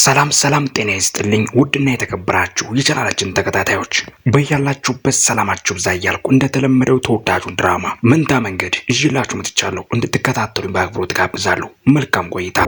ሰላም ሰላም፣ ጤና ይስጥልኝ ውድና የተከበራችሁ የቻናላችን ተከታታዮች በያላችሁበት ሰላማችሁ ብዛ እያልኩ እንደተለመደው ተወዳጁን ድራማ መንታ መንገድ ይዤላችሁ መጥቻለሁ። እንድትከታተሉኝ በአክብሮት ትጋብዛለሁ። መልካም ቆይታ።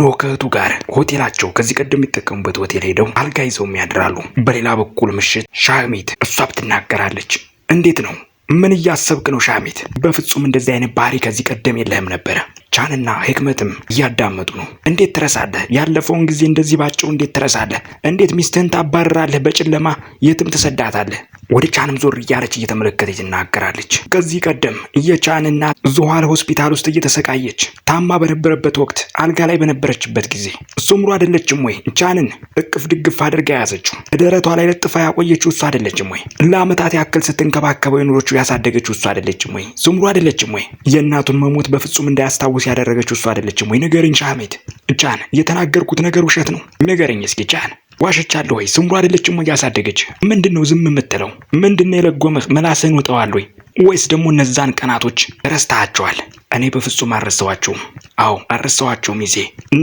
ኖከቱ ከእህቱ ጋር ሆቴላቸው ከዚህ ቀደም የሚጠቀሙበት ሆቴል ሄደው አልጋ ይዘውም ያድራሉ። በሌላ በኩል ምሽት ሻሚት እሷ ብትናገራለች። እንዴት ነው? ምን እያሰብክ ነው ሻሚት? በፍጹም እንደዚህ አይነት ባህሪ ከዚህ ቀደም የለህም ነበረ ቻንና ህክመትም እያዳመጡ ነው። እንዴት ትረሳለህ? ያለፈውን ጊዜ እንደዚህ ባጭው እንዴት ትረሳለህ? እንዴት ሚስትህን ታባረራለህ? በጨለማ የትም ትሰዳታለህ? ወደ ቻንም ዞር እያለች እየተመለከተች ትናገራለች። ከዚህ ቀደም እየቻንና ዙኋል ሆስፒታል ውስጥ እየተሰቃየች ታማ በነበረበት ወቅት አልጋ ላይ በነበረችበት ጊዜ ሱምሩ አይደለችም ወይ ቻንን እቅፍ ድግፍ አድርጋ የያዘችው ደረቷ ላይ ለጥፋ ያቆየችው እሱ አይደለችም ወይ? ለአመታት ያክል ስትንከባከበው የኖሮቹ ያሳደገችው እሱ አይደለችም ወይ? ሱምሩ አይደለችም ወይ? የእናቱን መሞት በፍጹም እንዳያስታውስ ያደረገችው እሱ አይደለችም ወይ? ንገረኝ ሻሜት። ቻን የተናገርኩት ነገር ውሸት ነው። ንገረኝ እስኪ ቻን ዋሸቻለሁ ወይ? ስምሩ አይደለችም ወይ ያሳደገች? ምንድን ነው ዝም የምትለው? ምንድን ነው የለጎመህ? ምላስህን ውጠዋል ወይ? ወይስ ደግሞ እነዛን ቀናቶች ረስተሃቸዋል? እኔ በፍጹም አልረሳኋቸውም። አዎ አልረሳኋቸውም ይዜ።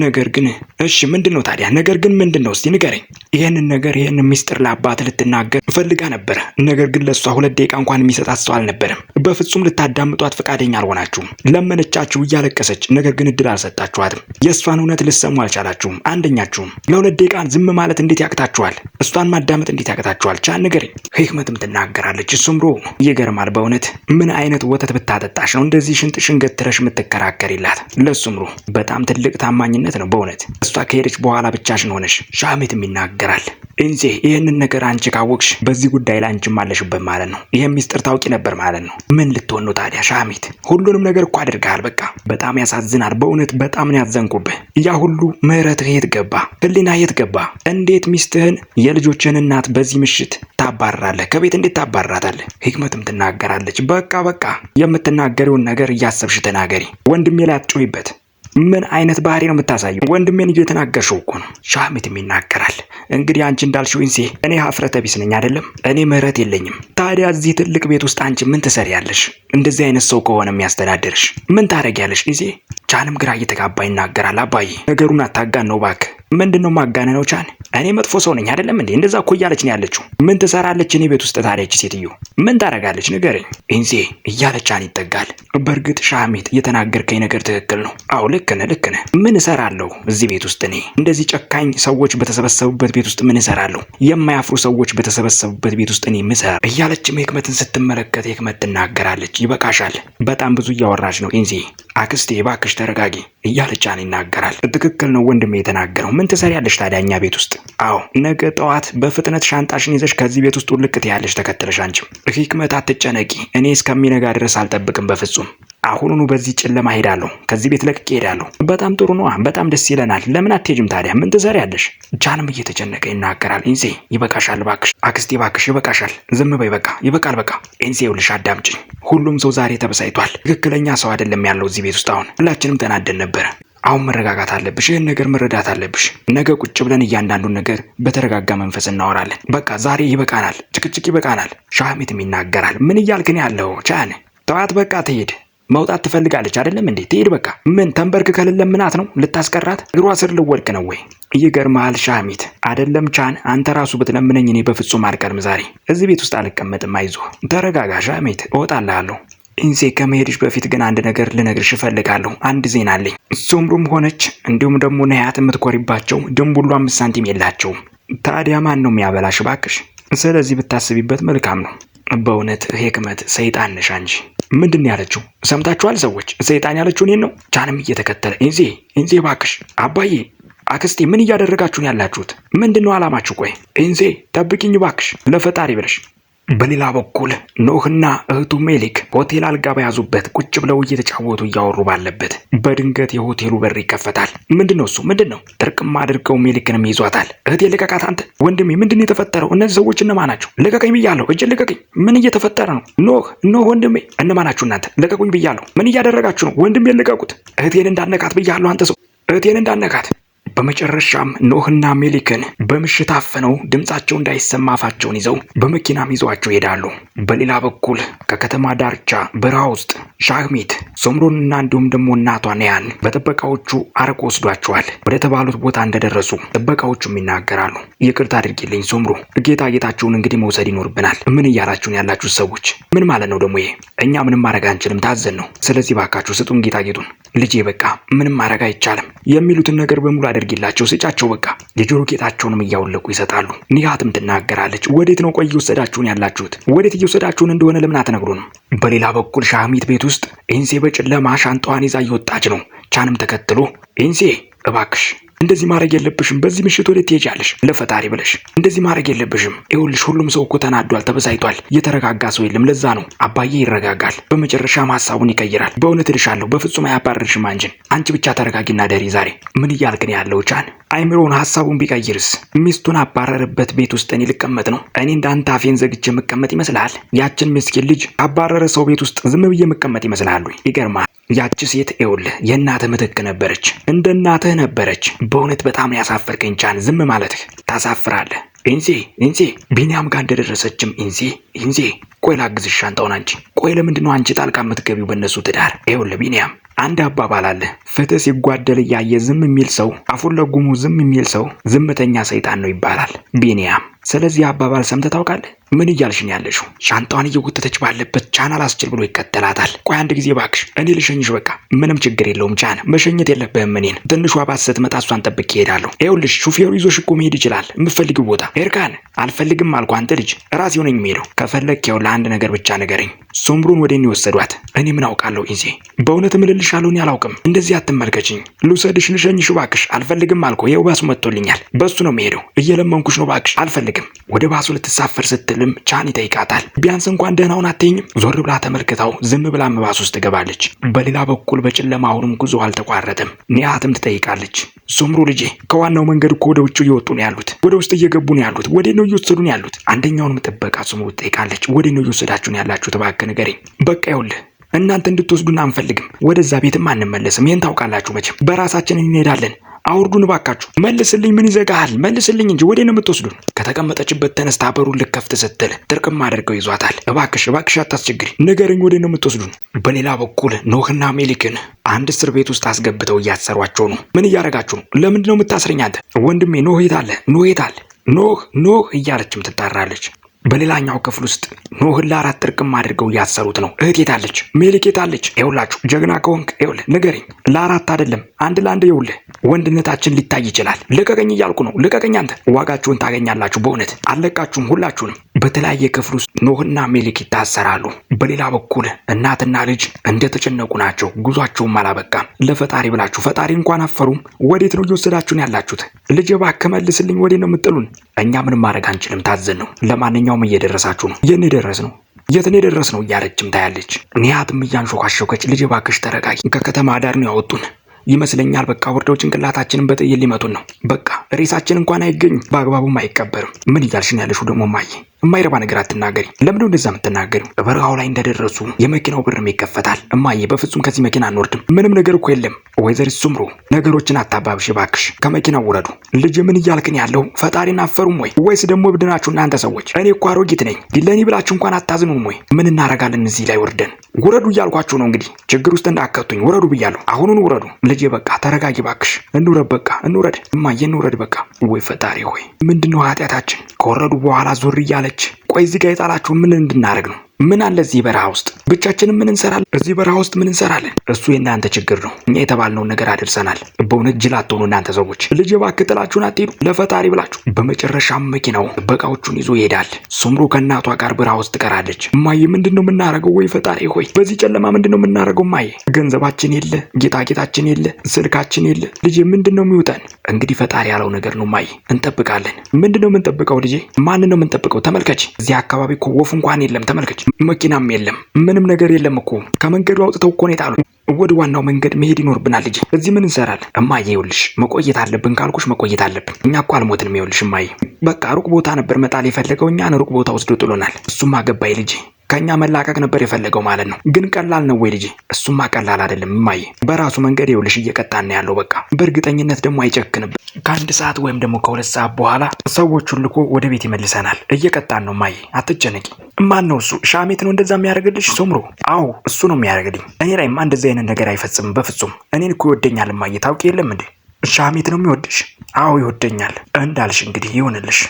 ነገር ግን እሺ፣ ምንድን ነው ታዲያ? ነገር ግን ምንድን ነው? እስቲ ንገረኝ። ይህንን ነገር ይህንን ሚስጥር ለአባት ልትናገር ፈልጋ ነበረ። ነገር ግን ለእሷ ሁለት ደቂቃ እንኳን የሚሰጣት ሰው አልነበረም። በፍጹም ልታዳምጧት ፈቃደኛ አልሆናችሁም። ለመነቻችሁ እያለቀሰች፣ ነገር ግን እድል አልሰጣችኋትም። የእሷን እውነት ልሰሙ አልቻላችሁም። አንደኛችሁም ለሁለት ደቂቃ ዝም ማለት እንዴት ያቅታችኋል? እሷን ማዳመጥ እንዴት ያቅታችኋል? ቻን ንገረኝ። ህክመትም ትናገራለች። እሱምሮ ይገርማል በእውነት ወተት ምን አይነት ወተት ብታጠጣሽ ነው እንደዚህ ሽንጥ ሽንገትረሽ የምትከራከሪላት? ለሱምሩ በጣም ትልቅ ታማኝነት ነው በእውነት እሷ ከሄደች በኋላ ብቻሽን ሆነሽ ሻሜትም ይናገራል። እንዜ ይህንን ነገር አንቺ ካወቅሽ በዚህ ጉዳይ ላይ አንቺም አለሽበት ማለት ነው። ይህ ሚስጥር ታውቂ ነበር ማለት ነው። ምን ልትሆን ነው ታዲያ ሻሜት? ሁሉንም ነገር እኮ አድርገሃል። በቃ በጣም ያሳዝናል በእውነት በጣም ነው ያዘንኩብህ። ያ ሁሉ ምህረትህ የት ገባ? ህሊና የት ገባ? እንዴት ሚስትህን የልጆችህን እናት በዚህ ምሽት ታባርራለህ? ከቤት እንዴት ታባርራታለህ? ህክመትም ትናገራለች ትለኛለች። በቃ በቃ የምትናገሪውን ነገር እያሰብሽ ተናገሪ፣ ወንድሜ ላይ አትጩሂበት። ምን አይነት ባህሪ ነው የምታሳየው? ወንድሜን እየተናገርሽው እኮ ነው። ሻሚትም ይናገራል። እንግዲህ አንቺ እንዳልሽው ኢንሴ፣ እኔ ሀፍረተ ቢስ ነኝ አይደለም? እኔ ምህረት የለኝም። ታዲያ እዚህ ትልቅ ቤት ውስጥ አንቺ ምን ትሰሪያለሽ? እንደዚህ አይነት ሰው ከሆነ የሚያስተዳድርሽ ምን ታደርጊያለሽ? ኢንሴ ቻንም ግራ እየተጋባ ይናገራል። አባዬ ነገሩን አታጋን ነው እባክህ። ምንድን ነው ነው ቻን እኔ መጥፎ ሰው ነኝ አይደለም እንዴ? እንደዛ እኮ እያለች ነው ያለችው። ምን ትሰራለች እኔ ቤት ውስጥ ታዲያች ሴትዮ ምን ታደርጋለች? ንገረኝ ኢንሴ እያለ ቻን ይጠጋል። በእርግጥ ሻሚት እየተናገርከኝ ነገር ትክክል ነው አውልክ ልክ ነህ፣ ልክ ነህ። ምን እሰራለሁ እዚህ ቤት ውስጥ እኔ እንደዚህ ጨካኝ ሰዎች በተሰበሰቡበት ቤት ውስጥ ምን እሰራለሁ? የማያፍሩ ሰዎች በተሰበሰቡበት ቤት ውስጥ እኔ ምሰራ እያለችም ህክመትን ስትመለከት ህክመት ትናገራለች። ይበቃሻል፣ በጣም ብዙ እያወራች ነው ኢንዚ አክስቴ እባክሽ ተረጋጊ እያለ ጫን ይናገራል። ትክክል ነው ወንድሜ የተናገረው። ምን ትሰሪያለሽ ታዲያ እኛ ቤት ውስጥ? አዎ ነገ ጠዋት በፍጥነት ሻንጣሽን ይዘሽ ከዚህ ቤት ውስጥ ልቅት ያለሽ ተከትለሽ። አንቺም ህክመት አትጨነቂ፣ እኔ እስከሚነጋ ድረስ አልጠብቅም በፍጹም። አሁኑኑ በዚህ ጨለማ ሄዳለሁ፣ ከዚህ ቤት ለቅቄ ሄዳለሁ። በጣም ጥሩ ነዋ፣ በጣም ደስ ይለናል። ለምን አትሄጅም ታዲያ? ምን ትሰሪያለሽ? ቻንም እየተጨነቀ ይናገራል። ኢንሴ ይበቃሻል እባክሽ፣ አክስቴ እባክሽ ይበቃሻል፣ ዝም በይ በቃ፣ ይበቃል በቃ። ኢንሴ ይኸውልሽ አዳምጪኝ፣ ሁሉም ሰው ዛሬ ተበሳይቷል። ትክክለኛ ሰው አይደለም ያለው እዚህ ቤት ውስጥ አሁን ሁላችንም ተናደን ነበረ። አሁን መረጋጋት አለብሽ። ይህን ነገር መረዳት አለብሽ። ነገ ቁጭ ብለን እያንዳንዱን ነገር በተረጋጋ መንፈስ እናወራለን። በቃ ዛሬ ይበቃናል፣ ጭቅጭቅ ይበቃናል። ሻሚትም ይናገራል። ምን እያልክን ያለው ቻን? ተዋት፣ በቃ ትሄድ መውጣት ትፈልጋለች አይደለም እንዴ? ትሄድ በቃ። ምን ተንበርክ ምናት ነው ልታስቀራት? እግሯ ስር ልወድቅ ነው ወይ? ይገርምሃል ሻሚት፣ አይደለም ቻን፣ አንተ ራሱ ብትለምነኝ እኔ በፍጹም አልቀርም። ዛሬ እዚህ ቤት ውስጥ አልቀመጥም። አይዞህ፣ ተረጋጋ ሻሚት፣ እወጣልሃለሁ። ኢንሴ ከመሄድሽ በፊት ግን አንድ ነገር ልነግርሽ እፈልጋለሁ። አንድ ዜና አለኝ። ሱምሩም ሆነች እንዲሁም ደግሞ ነያት የምትኮሪባቸው ድንቡሉ አምስት ሳንቲም የላቸውም። ታዲያ ማን ነው የሚያበላሽ? ባክሽ ስለዚህ ብታስቢበት መልካም ነው። በእውነት ሄክመት ሰይጣን ነሽ አንቺ። ምንድን ያለችው ሰምታችኋል ሰዎች? ሰይጣን ያለችው እኔን ነው። ቻንም እየተከተለ ኢንሴ፣ ኢንሴ ኢንሴ ባክሽ አባዬ፣ አክስቴ፣ ምን እያደረጋችሁን ያላችሁት? ምንድን ነው አላማችሁ? ቆይ ኢንሴ፣ ጠብቂኝ ባክሽ ለፈጣሪ ብለሽ በሌላ በኩል ኖህና እህቱ ሜሊክ ሆቴል አልጋ በያዙበት ቁጭ ብለው እየተጫወቱ እያወሩ ባለበት በድንገት የሆቴሉ በር ይከፈታል። ምንድን ነው እሱ? ምንድን ነው? ጥርቅም አድርገው ሜሊክንም ይዟታል። እህቴ ልቀቃት! አንተ ወንድሜ፣ ምንድን ነው የተፈጠረው? እነዚህ ሰዎች እነማ ናቸው? ልቀቀኝ ብያለሁ! እጅ ልቀቀኝ! ምን እየተፈጠረ ነው? ኖህ፣ ኖህ ወንድሜ፣ እነማ ናችሁ እናንተ? ልቀቁኝ ብያለሁ! ምን እያደረጋችሁ ነው? ወንድሜ ልቀቁት! እህቴን እንዳነካት ብያለሁ! አንተ ሰው፣ እህቴን እንዳነካት በመጨረሻም ኖህና ሜሊክን በምሽት አፍነው ድምፃቸው እንዳይሰማ አፋቸውን ይዘው በመኪናም ይዘዋቸው ይሄዳሉ። በሌላ በኩል ከከተማ ዳርቻ በረሃ ውስጥ ሻህሚት ሰምሮንና እንዲሁም ደግሞ እናቷን ነያን በጥበቃዎቹ አርቆ ወስዷቸዋል። ወደ ተባሉት ቦታ እንደደረሱ ጥበቃዎቹም ይናገራሉ። ይቅርታ አድርጊልኝ ሰምሮ፣ ጌታ ጌታችሁን እንግዲህ መውሰድ ይኖርብናል። ምን እያላችሁን ያላችሁት ሰዎች ምን ማለት ነው ደግሞ ይሄ? እኛ ምንም ማድረግ አንችልም፣ ታዘን ነው። ስለዚህ ባካችሁ ስጡን ጌጣጌጡን። ልጄ በቃ ምንም ማድረግ አይቻልም። የሚሉትን ነገር በሙሉ አድርጊላቸው፣ ስጫቸው በቃ። የጆሮ ጌጣቸውንም እያወለቁ ይሰጣሉ። ኒሃትም ትናገራለች። ወዴት ነው ቆይ እየወሰዳችሁን ያላችሁት? ወዴት እየወሰዳችሁን እንደሆነ ለምን አትነግሩንም? በሌላ በኩል ሻሚት ቤት ውስጥ ኢንሴ በጨለማ ሻንጣዋን ይዛ እየወጣች ነው። ቻንም ተከትሎ ኢንሴ እባክሽ እንደዚህ ማድረግ የለብሽም፣ በዚህ ምሽት ወደ ትሄጃለሽ፣ ለፈጣሪ ብለሽ እንደዚህ ማድረግ የለብሽም። ይኸውልሽ ሁሉም ሰው እኮ ተናዷል፣ ተበሳይቷል፣ የተረጋጋ ሰው የለም። ለዛ ነው አባዬ ይረጋጋል፣ በመጨረሻም ሀሳቡን ይቀይራል። በእውነት እልሻለሁ፣ በፍጹም አያባርርሽም አንቺን። አንቺ ብቻ ተረጋጊና ደሪ። ዛሬ ምን እያልክ ነው ያለው? ቻን አይምሮውን ሀሳቡን ቢቀይርስ? ሚስቱን አባረርበት ቤት ውስጥ እኔ ልቀመጥ ነው? እኔ እንዳንተ አፌን ዘግቼ የምቀመጥ ይመስልሃል? ያችን ምስኪን ልጅ አባረረ ሰው ቤት ውስጥ ዝም ብዬ የምቀመጥ ይመስልሃሉ? ይገርማል። ያቺ ሴት ኤውል የእናትህ ምትክ ነበረች፣ እንደ እናትህ ነበረች። በእውነት በጣም ነው ያሳፈርከኝ ቻን። ዝም ማለትህ ታሳፍራለህ። ኢንሴ ኢንሴ ቢኒያም ጋር እንደደረሰችም ኢንሴ ኢንሴ ቆይ ላግዝሽ ሻንጣውን አንቺ ቆይ ለምንድን ነው አንቺ ጣልቃ የምትገቢው በእነሱ ትዳር? ይኸውልህ ቢኒያም አንድ አባባል አለ። ፍትህ ሲጓደል እያየ ዝም የሚል ሰው አፉን ለጉሙ ዝም የሚል ሰው ዝምተኛ ሰይጣን ነው ይባላል ቢኒያም። ስለዚህ አባባል ሰምተህ ታውቃለህ? ምን እያልሽን ያለሽው? ሻንጣዋን እየጎተተች ባለበት ቻናል አስችል ብሎ ይከተላታል። ቆይ አንድ ጊዜ ባክሽ፣ እኔ ልሸኝሽ በቃ ምንም ችግር የለውም። ቻን መሸኘት የለብህም እኔን። ትንሿ ባስ ስትመጣ እሷን ጠብቄ እሄዳለሁ። ይኸውልሽ ሹፌሩ ይዞሽ እኮ መሄድ ይችላል የምፈልጊው ቦታ። ኤርካን አልፈልግም አልኩ አንተ ልጅ፣ ራሴው ሆነኝ የምሄደው። ከፈለግ ያው ለአንድ ነገር ብቻ ንገረኝ፣ ሶምሩን ወደ እኔ ወሰዷት። እኔ ምን አውቃለሁ ኢዜ፣ በእውነት ምልልሽ አልሆን አላውቅም። እንደዚህ አትመልከችኝ። ልውሰድሽ፣ ልሸኝሽ ባክሽ። አልፈልግም አልኩ። ይኸው ባሱ መጥቶልኛል። በሱ ነው የምሄደው። እየለመንኩሽ ነው ባክሽ፣ አልፈልግም። ወደ ባሱ ልትሳፈር ስትል እንድትልም ቻን ይጠይቃታል። ቢያንስ እንኳን ደህናውን አትኝም? ዞር ብላ ተመልክታው ዝም ብላ መባስ ውስጥ ትገባለች። በሌላ በኩል በጨለማ አሁንም ጉዞ አልተቋረጠም። ኒያትም ትጠይቃለች። ሱምሩ ልጄ ከዋናው መንገድ እኮ ወደ ውጭ እየወጡ ነው ያሉት፣ ወደ ውስጥ እየገቡ ነው ያሉት፣ ወደ ነው እየወሰዱ ነው ያሉት። አንደኛውንም ጥበቃ ሱምሩ ትጠይቃለች። ወደ ነው እየወሰዳችሁን ያላችሁ? እባክህ ንገረኝ። በቃ ይኸውልህ እናንተ እንድትወስዱን አንፈልግም። ወደዛ ቤትም አንመለስም። ይህን ታውቃላችሁ መቼም። በራሳችን እንሄዳለን። አውርዱን እባካችሁ መልስልኝ። ምን ይዘጋሃል? መልስልኝ እንጂ ወዴ ነው የምትወስዱን? ከተቀመጠችበት ተነስታ በሩን ልከፍት ስትል ጥርቅም አድርገው ይዟታል። እባክሽ እባክሽ አታስቸግሪ፣ ንገረኝ፣ ወዴ ነው የምትወስዱን? በሌላ በኩል ኖህና ሜሊክን አንድ እስር ቤት ውስጥ አስገብተው እያሰሯቸው ነው። ምን እያደረጋችሁ ነው? ለምንድን ነው የምታስረኝ አንተ? ወንድሜ ኖህ የት አለ? ኖህ የት አለ? ኖህ ኖህ እያለችም ትጣራለች። በሌላኛው ክፍል ውስጥ ኖህን ለአራት እርቅም አድርገው እያሰሩት ነው። እህት የታለች? ሜሊክ የታለች? ይኸውላችሁ ጀግና ከሆንክ ይኸውልህ ንገረኝ። ለአራት አይደለም አንድ ለአንድ ይኸውልህ፣ ወንድነታችን ሊታይ ይችላል። ልቀቀኝ እያልኩ ነው። ልቀቀኝ አንተ። ዋጋችሁን ታገኛላችሁ። በእውነት አለቃችሁም ሁላችሁንም በተለያየ ክፍል ውስጥ ኖህና ሜሌክ ይታሰራሉ። በሌላ በኩል እናትና ልጅ እንደተጨነቁ ናቸው። ጉዟቸውም አላበቃም። ለፈጣሪ ብላችሁ ፈጣሪ እንኳን አፈሩም። ወዴት ነው እየወሰዳችሁን ያላችሁት? ልጅ እባክህ መልስልኝ። ወዴት ነው የምጥሉን? እኛ ምንም ማድረግ አንችልም። ታዘን ነው። ለማንኛውም እየደረሳችሁ ነው። የት ደረስ ነው የትን የደረስ ነው እያለችም ታያለች። ኒያትም እያንሾካሾከች ልጅ እባክሽ ተረጋጊ፣ ከከተማ ዳር ነው ያወጡን ይመስለኛል በቃ ወርደው ጭንቅላታችንን በጥይት ሊመቱን ነው። በቃ ሬሳችን እንኳን አይገኝም፣ በአግባቡም አይቀበርም። ምን እያልሽን ያለሽው ደግሞ ማየ እማይረባ ነገር አትናገሪ። ለምን እንደዛ የምትናገሪው? በበረሃው ላይ እንደደረሱ የመኪናው በርም ይከፈታል። እማዬ፣ በፍጹም ከዚህ መኪና አንወርድም። ምንም ነገር እኮ የለም። ወይዘሪት ስምሩ ነገሮችን አታባብሽ እባክሽ፣ ከመኪናው ውረዱ። ልጅ ምን እያልክን ያለው ፈጣሪን አፈሩም ወይ ወይስ ደግሞ እብድናችሁ እናንተ ሰዎች? እኔ እኮ አሮጊት ነኝ፣ ለእኔ ብላችሁ እንኳን አታዝኑም ወይ? ምን እናረጋለን እዚህ ላይ ወርደን? ውረዱ እያልኳችሁ ነው። እንግዲህ ችግር ውስጥ እንዳከቱኝ ውረዱ ብያለሁ። አሁኑን ውረዱ። ልጄ በቃ ተረጋጊ እባክሽ። እንውረድ፣ በቃ እንውረድ እማዬ፣ እንውረድ በቃ ወይ ፈጣሪ ሆይ ምንድን ነው ኃጢአታችን? ከወረዱ በኋላ ዞር እያለች ቆይ እዚህ ጋ የጣላችሁ ምን እንድናደርግ ነው? ምን አለ እዚህ በረሃ ውስጥ ብቻችንም ምን እንሰራለን? እዚህ በረሃ ውስጥ ምን እንሰራለን? እሱ የእናንተ ችግር ነው። እኛ የተባልነውን ነገር አድርሰናል። በእውነት ጅል አትሆኑ እናንተ ሰዎች። ልጅ እባክህ ጥላችሁን አትሄዱ፣ ለፈጣሪ ብላችሁ። በመጨረሻም መኪናው ጥበቃዎቹን ይዞ ይሄዳል። ሱምሩ ከእናቷ ጋር በረሃ ውስጥ ቀራለች። እማዬ ምንድን ነው የምናደርገው? ወይ ፈጣሪ ሆይ በዚህ ጨለማ ምንድን ነው የምናደርገው? እማዬ ገንዘባችን የለ፣ ጌጣጌጣችን የለ፣ ስልካችን የለ። ልጄ ምንድን ነው የሚውጠን? እንግዲህ ፈጣሪ ያለው ነገር ነው እማዬ። እንጠብቃለን። ምንድን ነው የምንጠብቀው? ልጄ ማንን ነው የምንጠብቀው? ተመልከች፣ እዚህ አካባቢ እኮ ወፍ እንኳን የለም። ተመልከች መኪናም የለም፣ ምንም ነገር የለም እኮ ከመንገዱ አውጥተው እኮ ነው ወደ ዋናው መንገድ መሄድ ይኖርብናል ልጄ። እዚህ ምን እንሰራለን? እማዬ ይኸውልሽ መቆየት አለብን ካልኩሽ መቆየት አለብን። እኛ እኮ አልሞትንም። ይኸውልሽ እማዬ፣ በቃ ሩቅ ቦታ ነበር መጣል የፈለገው እኛን ሩቅ ቦታ ወስዶ ጥሎናል። እሱም አገባይ ልጄ ከኛ መላቀቅ ነበር የፈለገው ማለት ነው። ግን ቀላል ነው ወይ ልጄ? እሱማ ቀላል አይደለም እማዬ። በራሱ መንገድ ይኸውልሽ እየቀጣን ያለው በቃ። በእርግጠኝነት ደግሞ አይጨክንብን። ከአንድ ሰዓት ወይም ደግሞ ከሁለት ሰዓት በኋላ ሰዎቹን ልኮ ወደ ቤት ይመልሰናል። እየቀጣን ነው እማዬ፣ አትጨነቂ። ማን ነው እሱ? ሻሜት ነው እንደዛ የሚያደርግልሽ ሶምሮ? አዎ እሱ ነው የሚያደርግልኝ። እኔ ላይማ እንደዚህ አይነት ነገር አይፈጽምም በፍጹም። እኔን እኮ ይወደኛል እማዬ፣ ታውቂ የለም እንዴ? ሻሜት ነው የሚወድሽ? አዎ ይወደኛል። እንዳልሽ እንግዲህ ይሆንልሽ።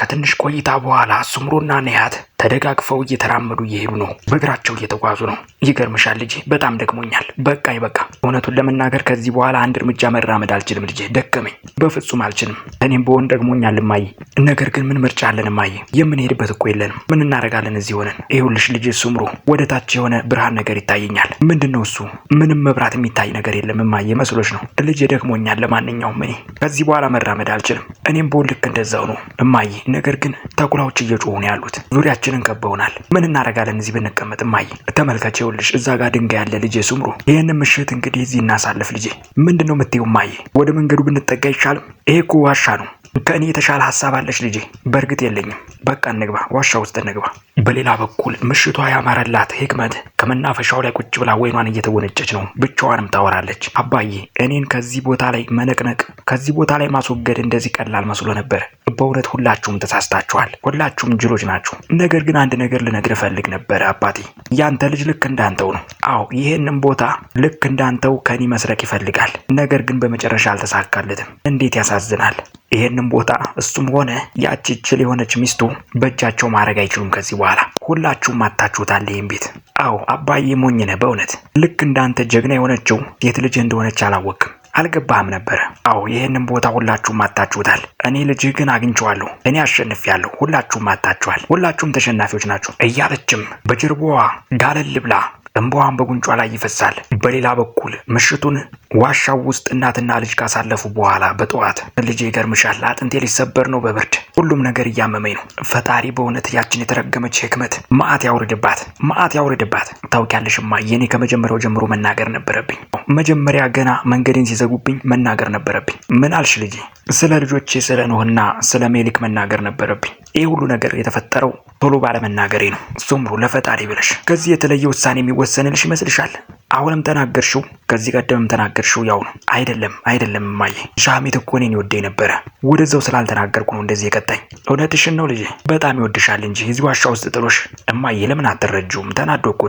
ከትንሽ ቆይታ በኋላ ስምሩና ነያት ተደጋግፈው እየተራመዱ እየሄዱ ነው። በእግራቸው እየተጓዙ ነው። ይገርምሻል ልጄ፣ በጣም ደክሞኛል። በቃኝ በቃ። እውነቱን ለመናገር ከዚህ በኋላ አንድ እርምጃ መራመድ አልችልም ልጄ፣ ደከመኝ። በፍጹም አልችልም። እኔም በሆን ደግሞኛል እማዬ። ነገር ግን ምን ምርጫ አለን እማዬ? የምንሄድበት እኮ የለንም። ምን እናደርጋለን እዚህ ሆነን? ይኸውልሽ ልጄ ስምሩ፣ ወደ ታች የሆነ ብርሃን ነገር ይታየኛል። ምንድን ነው እሱ? ምንም መብራት የሚታይ ነገር የለም እማዬ፣ መስሎች ነው ልጄ። ደክሞኛል። ለማንኛውም እኔ ከዚህ በኋላ መራመድ አልችልም። እኔም በሆን ልክ እንደዛው ነው እማዬ ነገር ግን ተኩላዎች እየጮሁ ነው ያሉት። ዙሪያችንን ከበውናል። ምን እናደርጋለን እዚህ ብንቀመጥ? ማይ ተመልከች፣ ይኸውልሽ እዛ ጋር ድንጋይ ያለ ልጄ ስምሩ። ይህን ምሽት እንግዲህ እዚህ እናሳልፍ ልጄ። ምንድን ነው የምትይው? ማይ ወደ መንገዱ ብንጠጋ አይሻልም? ይሄ እኮ ዋሻ ነው። ከእኔ የተሻለ ሀሳብ አለች ልጄ። በእርግጥ የለኝም። በቃ እንግባ፣ ዋሻ ውስጥ እንግባ። በሌላ በኩል ምሽቷ ያማረላት ህክመት ከመናፈሻው ላይ ቁጭ ብላ ወይኗን እየተወነጨች ነው። ብቻዋንም ታወራለች። አባዬ እኔን ከዚህ ቦታ ላይ መነቅነቅ፣ ከዚህ ቦታ ላይ ማስወገድ እንደዚህ ቀላል መስሎ ነበር። በእውነት ሁላችሁም ተሳስታችኋል። ሁላችሁም ጅሎች ናችሁ። ነገር ግን አንድ ነገር ልነግር እፈልግ ነበረ አባቴ። ያንተ ልጅ ልክ እንዳንተው ነው። አዎ ይህንም ቦታ ልክ እንዳንተው ከኔ መስረቅ ይፈልጋል። ነገር ግን በመጨረሻ አልተሳካለትም። እንዴት ያሳዝናል። ይህንም ቦታ እሱም ሆነ ያቺ ችል የሆነች ሚስቱ በእጃቸው ማድረግ አይችሉም ከዚህ በኋላ በኋላ ሁላችሁም አታችሁታል ይህን ቤት። አዎ አባዬ ሞኝ ነህ በእውነት ልክ እንዳንተ ጀግና የሆነችው ሴት ልጅ እንደሆነች አላወቅም አልገባህም ነበረ። አዎ ይህንን ቦታ ሁላችሁም አታችሁታል። እኔ ልጅህ ግን አግኝቼዋለሁ። እኔ አሸንፌያለሁ። ሁላችሁም አታችኋል። ሁላችሁም ተሸናፊዎች ናችሁ እያለችም በጀርባዋ ጋለል ብላ እንባዋም በጉንጯ ላይ ይፈሳል። በሌላ በኩል ምሽቱን ዋሻው ውስጥ እናትና ልጅ ካሳለፉ በኋላ በጠዋት ልጄ ይገርምሻል፣ አጥንቴ ሊሰበር ነው በብርድ ሁሉም ነገር እያመመኝ ነው። ፈጣሪ በእውነት ያችን የተረገመች ህክመት ማአት ያውርድባት፣ ማአት ያውርድባት። ታውቂያለሽማ የኔ ከመጀመሪያው ጀምሮ መናገር ነበረብኝ። መጀመሪያ ገና መንገዴን ሲዘጉብኝ መናገር ነበረብኝ። ምን አልሽ ልጄ? ስለ ልጆቼ ስለ ኖህና ስለ ሜሊክ መናገር ነበረብኝ። ይህ ሁሉ ነገር የተፈጠረው ቶሎ ባለመናገሬ ነው። እሱም ለፈጣሪ ብለሽ ከዚህ የተለየ ውሳኔ የሚወሰንልሽ ይመስልሻል? አሁንም ተናገርሽው፣ ከዚህ ቀደምም ተናገርሽው ያው ነው። አይደለም አይደለም እማዬ፣ ሻሚት እኮ እኔን ይወደኝ ነበረ። ወደዛው ስላልተናገርኩ ነው እንደዚህ የቀጣኝ። እውነትሽን ነው ልጄ፣ በጣም ይወድሻል እንጂ እዚህ ዋሻ ውስጥ ጥሎሽ። እማዬ ለምን አትረጂውም? ተናዶ እኮ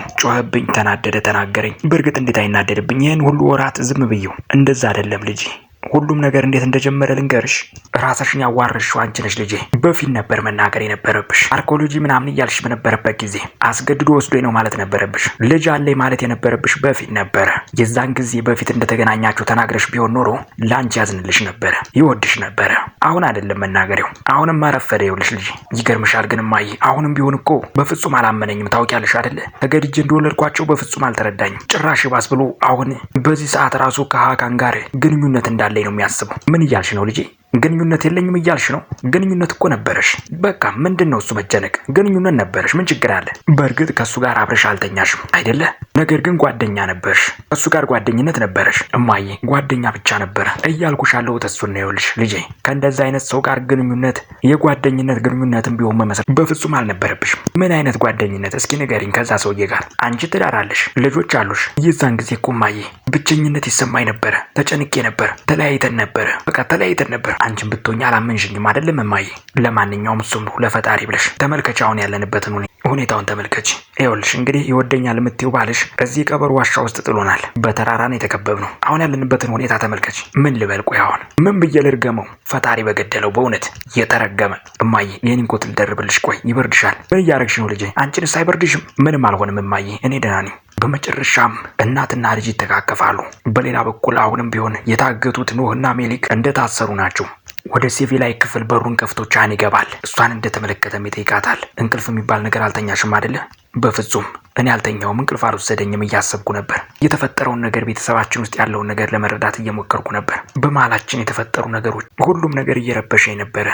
ነው። ጮኸብኝ፣ ተናደደ፣ ተናገረኝ። በእርግጥ እንዴት አይናደድብኝ? ይህን ሁሉ ወራት ዝም ብየው። እንደዛ አይደለም ልጄ ሁሉም ነገር እንዴት እንደጀመረ ልንገርሽ። ራስሽን ያዋርሽ አንቺ ነሽ ልጄ። በፊት ነበር መናገር የነበረብሽ። አርኮሎጂ ምናምን እያልሽ በነበረበት ጊዜ አስገድዶ ወስዶኝ ነው ማለት ነበረብሽ። ልጅ አለኝ ማለት የነበረብሽ በፊት ነበረ። የዛን ጊዜ በፊት እንደተገናኛችሁ ተናግረሽ ቢሆን ኖሮ ለአንቺ ያዝንልሽ ነበረ፣ ይወድሽ ነበረ። አሁን አይደለም መናገሬው፣ አሁንም አረፈደ። ይኸውልሽ ልጄ፣ ይገርምሻል ግን እማዬ፣ አሁንም ቢሆን እኮ በፍጹም አላመነኝም። ታውቂያለሽ አይደለ? ተገድጄ እንደወለድኳቸው በፍጹም አልተረዳኝም። ጭራሽ ባስ ብሎ አሁን በዚህ ሰዓት ራሱ ከሀካን ጋር ግንኙነት እንዳለ እንዳለኝ ነው የሚያስበው። ምን እያልሽ ነው ልጄ? ግንኙነት የለኝም እያልሽ ነው? ግንኙነት እኮ ነበረሽ። በቃ ምንድን ነው እሱ መጨነቅ? ግንኙነት ነበረሽ፣ ምን ችግር አለ? በእርግጥ ከእሱ ጋር አብረሽ አልተኛሽም አይደለ? ነገር ግን ጓደኛ ነበርሽ፣ እሱ ጋር ጓደኝነት ነበረሽ። እማዬ ጓደኛ ብቻ ነበረ እያልኩሽ ያለሁት እሱን ነው። ይኸውልሽ ልጄ ከእንደዚህ አይነት ሰው ጋር ግንኙነት የጓደኝነት ግንኙነትን ቢሆን መመስረት በፍጹም አልነበረብሽም። ምን አይነት ጓደኝነት እስኪ ንገሪኝ። ከዛ ሰውዬ ጋር አንቺ ትዳራለሽ ልጆች አሉሽ። የዛን ጊዜ እኮ እማዬ ብቸኝነት ይሰማኝ ነበረ፣ ተጨንቄ ነበር፣ ተለያይተን ነበረ። በቃ ተለያይተን ነበር አንቺን ብትሆኝ አላመንሽኝም አይደለም እማዬ? ለማንኛውም እሱም ለፈጣሪ ብለሽ ተመልከች፣ አሁን ያለንበትን ሁኔታውን ተመልከች። ይኸውልሽ እንግዲህ ይወደኛል የምትይው ባልሽ እዚህ ቀበሮ ዋሻ ውስጥ ጥሎናል። በተራራን የተከበብ ነው። አሁን ያለንበትን ሁኔታ ተመልከች። ምን ልበል? ቆይ ምን ብዬ ልርገመው? ፈጣሪ በገደለው በእውነት የተረገመ። እማዬ የኔን ኮት ልደርብልሽ። ቆይ ይበርድሻል። ምን እያረግሽ ነው ልጄ? አንቺንስ አይበርድሽም? ምንም አልሆንም እማዬ፣ እኔ ደህና ነኝ። በመጨረሻም እናትና ልጅ ይተቃቀፋሉ። በሌላ በኩል አሁንም ቢሆን የታገቱት ኖህና ሜሊክ እንደታሰሩ ናቸው። ወደ ሲቪላይ ክፍል በሩን ከፍቶ ቻን ይገባል። እሷን እንደተመለከተም ይጠይቃታል። እንቅልፍ የሚባል ነገር አልተኛሽም አይደለ? በፍጹም እኔ አልተኛውም፣ እንቅልፍ አልወሰደኝም። እያሰብኩ ነበር የተፈጠረውን ነገር፣ ቤተሰባችን ውስጥ ያለውን ነገር ለመረዳት እየሞከርኩ ነበር። በመሀላችን የተፈጠሩ ነገሮች፣ ሁሉም ነገር እየረበሸ ነበረ።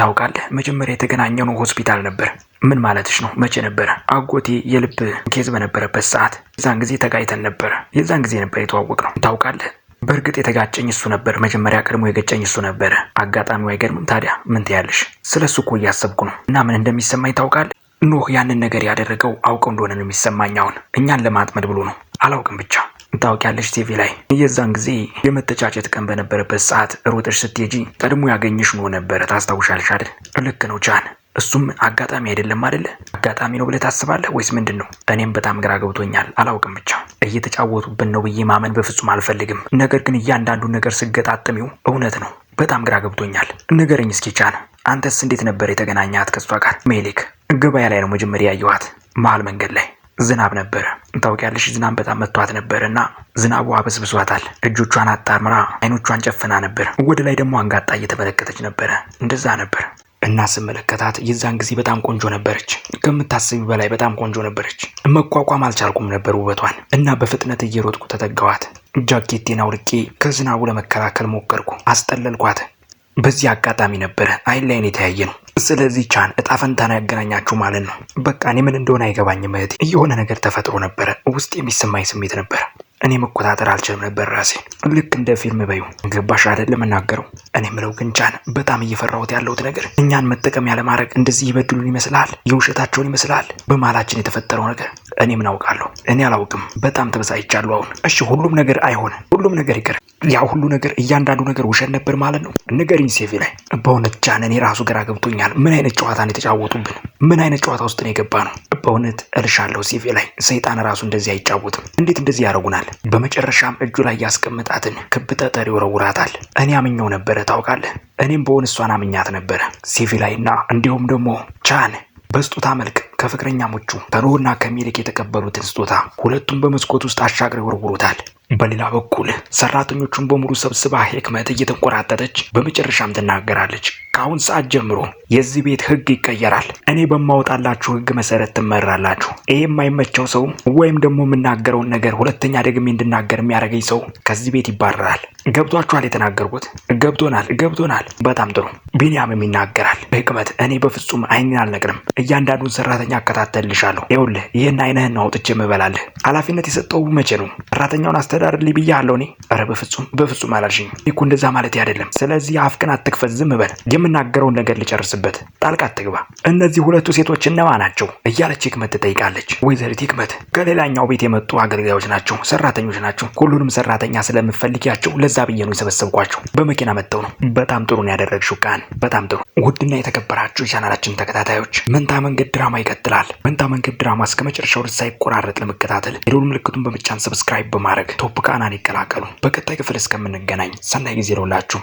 ታውቃለህ፣ መጀመሪያ የተገናኘነው ሆስፒታል ነበር። ምን ማለትሽ ነው? መቼ ነበረ? አጎቴ የልብ ኬዝ በነበረበት ሰዓት የዛን ጊዜ ተጋይተን ነበረ። የዛን ጊዜ ነበር የተዋወቅ ነው። ታውቃለህ፣ በእርግጥ የተጋጨኝ እሱ ነበር። መጀመሪያ ቀድሞ የገጨኝ እሱ ነበረ። አጋጣሚው አይገርምም? ታዲያ ምን ትያለሽ? ስለ እሱ እኮ እያሰብኩ ነው እና ምን እንደሚሰማኝ ታውቃለህ? ኖህ ያንን ነገር ያደረገው አውቀው እንደሆነ ነው የሚሰማኝ። አሁን እኛን ለማጥመድ ብሎ ነው። አላውቅም ብቻ ታውቂያለሽ ቲቪ ላይ የዛን ጊዜ የመተጫጨት ቀን በነበረበት ሰዓት ሮጠሽ ስትሄጂ ቀድሞ ያገኘሽ ኖህ ነበረ። ታስታውሻልሽ አይደል? ልክ ነው ቻን እሱም አጋጣሚ አይደለም አይደለ? አጋጣሚ ነው ብለህ ታስባለህ ወይስ ምንድን ነው? እኔም በጣም ግራ ገብቶኛል፣ አላውቅም። ብቻ እየተጫወቱብን ነው ብዬ ማመን በፍጹም አልፈልግም። ነገር ግን እያንዳንዱ ነገር ስገጣጥሚው እውነት ነው። በጣም ግራ ገብቶኛል። ንገረኝ እስኪ ቻን፣ አንተስ እንዴት ነበር የተገናኛት ከሷ ጋር? ሜሊክ ገበያ ላይ ነው መጀመሪያ ያየኋት፣ መሀል መንገድ ላይ ዝናብ ነበረ። ታውቂያለሽ፣ ዝናብ በጣም መቷት ነበር እና ዝናቡ አበስብሷታል። እጆቿን አጣምራ አይኖቿን ጨፍና ነበር። ወደ ላይ ደግሞ አንጋጣ እየተመለከተች ነበረ። እንደዛ ነበር እና ስመለከታት የዛን ጊዜ በጣም ቆንጆ ነበረች። ከምታስቢ በላይ በጣም ቆንጆ ነበረች። መቋቋም አልቻልኩም ነበር ውበቷን እና በፍጥነት እየሮጥኩ ተጠጋዋት። ጃኬቴን አውልቄ ከዝናቡ ለመከላከል ሞከርኩ። አስጠለልኳት። በዚህ አጋጣሚ ነበረ አይን ላይን የተያየ ነው። ስለዚህ ቻን እጣፈንታና ያገናኛችሁ ማለት ነው። በቃ እኔ ምን እንደሆነ አይገባኝም እህቴ። የሆነ ነገር ተፈጥሮ ነበረ። ውስጥ የሚሰማኝ ስሜት ነበረ። እኔ መቆጣጠር አልችልም ነበር ራሴ። ልክ እንደ ፊልም በዩ ገባሽ አይደለም የምናገረው። እኔ ምለው ግን ጃን፣ በጣም እየፈራሁት ያለሁት ነገር እኛን መጠቀም ያለማድረግ እንደዚህ ይበድሉን ይመስላል፣ የውሸታቸውን ይመስላል በመሀላችን የተፈጠረው ነገር እኔ ምን አውቃለሁ። እኔ አላውቅም። በጣም ተበሳጭቻለሁ። አሁን እሺ፣ ሁሉም ነገር አይሆንም፣ ሁሉም ነገር ይቅር። ያ ሁሉ ነገር እያንዳንዱ ነገር ውሸት ነበር ማለት ነው። ንገሪኝ ሴቪ ላይ በእውነት ጃን፣ እኔ ራሱ ግራ ገብቶኛል። ምን አይነት ጨዋታ ነው የተጫወቱብን? ምን አይነት ጨዋታ ውስጥ ነው የገባ ነው? በእውነት እልሻለሁ ሴቪ ላይ ሰይጣን ራሱ እንደዚህ አይጫወትም። እንዴት እንደዚህ ያደርጉናል? በመጨረሻም እጁ ላይ ያስቀመጣትን ክብ ጠጠር ይወረውራታል። እኔ አምኘው ነበረ ታውቃለህ። እኔም በእውን እሷን አምኛት ነበረ ሴቪ ላይ እና እንዲሁም ደግሞ ቻን በስጦታ መልክ ከፍቅረኛሞቹ ከኖህና ከሚልክ የተቀበሉትን ስጦታ ሁለቱም በመስኮት ውስጥ አሻግረው ይወረውሩታል። በሌላ በኩል ሰራተኞቹን በሙሉ ሰብስባ ህክመት እየተንቆራጠጠች በመጨረሻም ትናገራለች። ከአሁን ሰዓት ጀምሮ የዚህ ቤት ህግ ይቀየራል። እኔ በማወጣላችሁ ህግ መሰረት ትመራላችሁ። ይህ የማይመቸው ሰው ወይም ደግሞ የምናገረውን ነገር ሁለተኛ ደግሜ እንድናገር የሚያደርገኝ ሰው ከዚህ ቤት ይባረራል። ገብቷችኋል? የተናገርኩት ገብቶናል፣ ገብቶናል። በጣም ጥሩ። ቢንያምም ይናገራል። ሂክመት እኔ በፍጹም አይኔን አልነቅንም። እያንዳንዱን ሰራተኛ አከታተልሻለሁ። ይኸውልህ ይህን አይነህን አውጥቼ የምበላልህ ኃላፊነት የሰጠው መቼ ነው? ሰራተኛውን አስተ ተዳርልኝ ብያለሁ እኔ። ኧረ በፍጹም በፍጹም አላልሽኝ እኮ እንደዛ ማለት አይደለም። ስለዚህ አፍቅን አትክፈት፣ ዝም በል። የምናገረውን ነገር ልጨርስበት፣ ጣልቃ አትግባ። እነዚህ ሁለቱ ሴቶች እነማ ናቸው እያለች ህክመት ትጠይቃለች። ወይዘሪት ህክመት ከሌላኛው ቤት የመጡ አገልጋዮች ናቸው፣ ሰራተኞች ናቸው። ሁሉንም ሰራተኛ ስለምፈልጊያቸው ለዛ ብዬ ነው የሰበሰብኳቸው። በመኪና መጥተው ነው። በጣም ጥሩ ነው ያደረግሽው ቃን፣ በጣም ጥሩ። ውድና የተከበራችሁ የቻናላችን ተከታታዮች መንታ መንገድ ድራማ ይቀጥላል። መንታ መንገድ ድራማ እስከ መጨረሻው ድረስ ሳይቆራረጥ ለመከታተል የደወል ምልክቱን በመጫን ሰብስክራይብ በማድረግ ቡቃናን ይቀላቀሉ። በቀጣይ ክፍል እስከምንገናኝ ሰናይ ጊዜ ይሁንላችሁ።